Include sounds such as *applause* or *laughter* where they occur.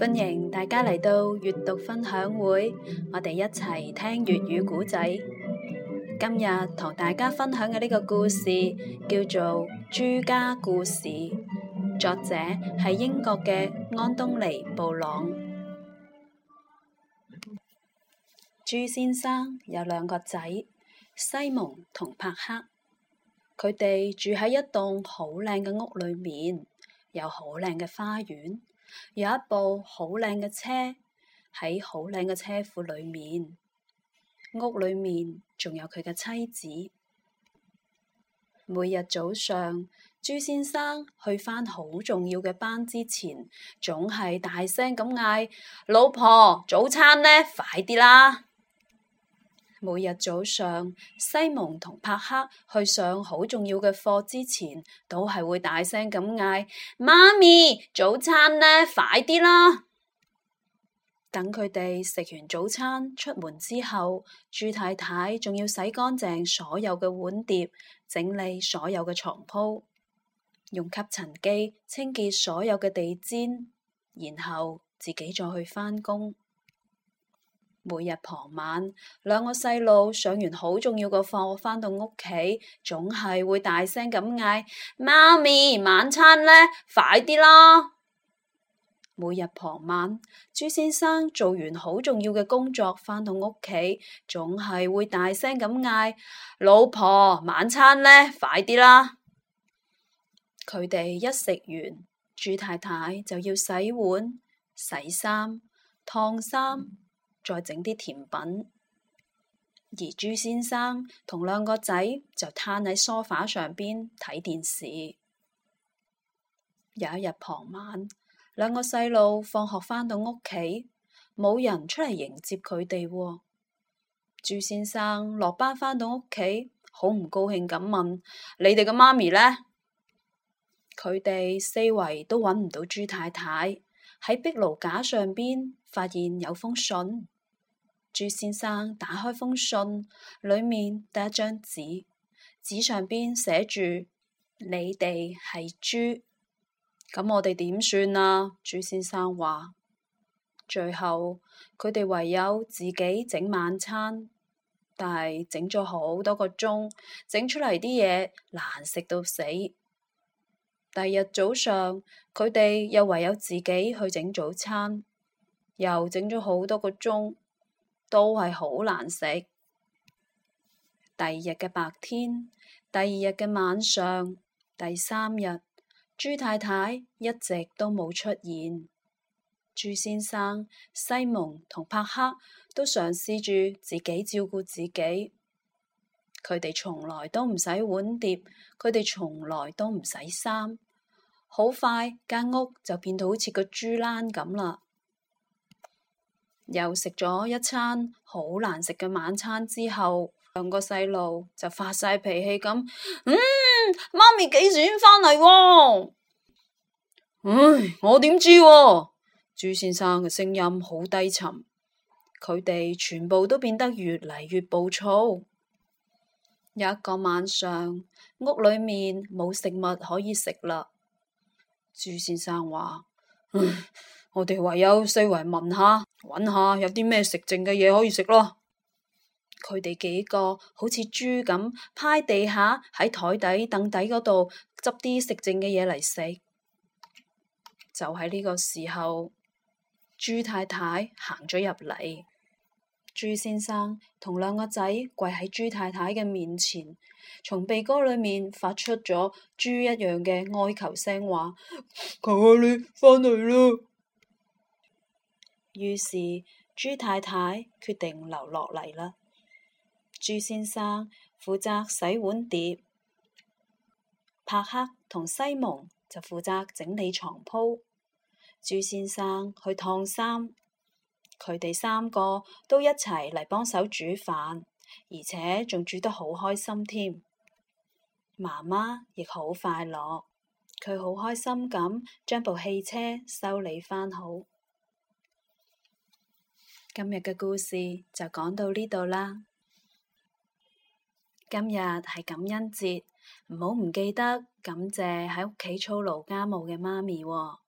歡迎大家嚟到閱讀分享會，我哋一齊聽粵語古仔。今日同大家分享嘅呢個故事叫做《朱家故事》，作者係英國嘅安東尼布朗。 *noise* 朱先生有兩個仔，西蒙同帕克，佢哋住喺一棟好靚嘅屋裏面，有好靚嘅花園。有一部好靚嘅車喺好靚嘅車庫裏面，屋裏面仲有佢嘅妻子。每日早上，朱先生去返好重要嘅班之前，總係大聲咁嗌：老婆，早餐呢，快啲啦！每日早上，西蒙同帕克去上好重要嘅課之前，都係會大聲咁嗌：媽咪，早餐呢，快啲啦！等佢哋食完早餐出門之後，朱太太仲要洗乾淨所有嘅碗碟，整理所有嘅床鋪，用吸塵機清潔所有嘅地氈，然後自己再去返工。每日傍晚，兩個細路上完好重要嘅課，返到屋企總係會大聲咁嗌：媽咪，晚餐呢？快啲啦！每日傍晚，朱先生做完好重要嘅工作，返到屋企總係會大聲咁嗌：老婆，晚餐呢？快啲啦！佢哋一食完，朱太太就要洗碗、洗衫、燙衫。嗯再整啲甜品，而朱先生同兩個仔就攤喺梳化上邊睇電視。有一日傍晚，兩個細路放學返到屋企，冇人出嚟迎接佢哋。朱先生落班返到屋企，好唔高興咁問：「你哋嘅媽咪呢？」佢哋四圍都揾唔到朱太太。喺壁爐架上邊發現有封信，朱先生打開封信，裏面得一張紙，紙上邊寫住你哋係豬。咁我哋點算啊？朱先生話，最後佢哋唯有自己整晚餐，但係整咗好多個鐘，整出嚟，啲嘢難食到死。第二日早上，佢哋又唯有自己去整早餐，又整咗好多個鐘，都係好難食。第二日嘅白天，第二日嘅晚上，第三日，朱太太一直都冇出現，朱先生、西蒙同帕克都嘗試住自己照顧自己。佢哋從來都唔使碗碟，佢哋從來都唔洗衫，好快間屋就變到好似個豬欄咁啦。又食咗一餐好難食嘅晚餐之後，兩個細路就發晒脾氣咁。嗯，媽咪幾時返嚟？嗯，我點知啊？朱先生嘅聲音好低沉，佢哋全部都變得越嚟越暴躁。有一個晚上，屋裏面冇食物可以食啦。朱先生話，嗯，我哋唯有四圍問下，揾下有啲咩食剩嘅嘢可以食咯。佢哋幾個好似豬咁，趴地下喺台底、凳底嗰度執啲食剩嘅嘢嚟食。就喺呢個時候，朱太太行咗入嚟。朱先生同兩個仔跪喺朱太太嘅面前，從鼻哥裏面發出咗豬一樣嘅哀求聲，話：求下你返嚟啦！於是朱太太決定留落嚟啦。朱先生負責洗碗碟，帕克同西蒙就負責整理床鋪。朱先生去燙衫。佢哋三個都一齊嚟幫手煮飯，而且仲煮得好開心添。媽媽亦好快樂，佢好開心咁將部汽車修理返好。今日嘅故事就講到呢度啦。今日係感恩節，唔好唔記得感謝喺屋企操勞家務嘅媽咪喎。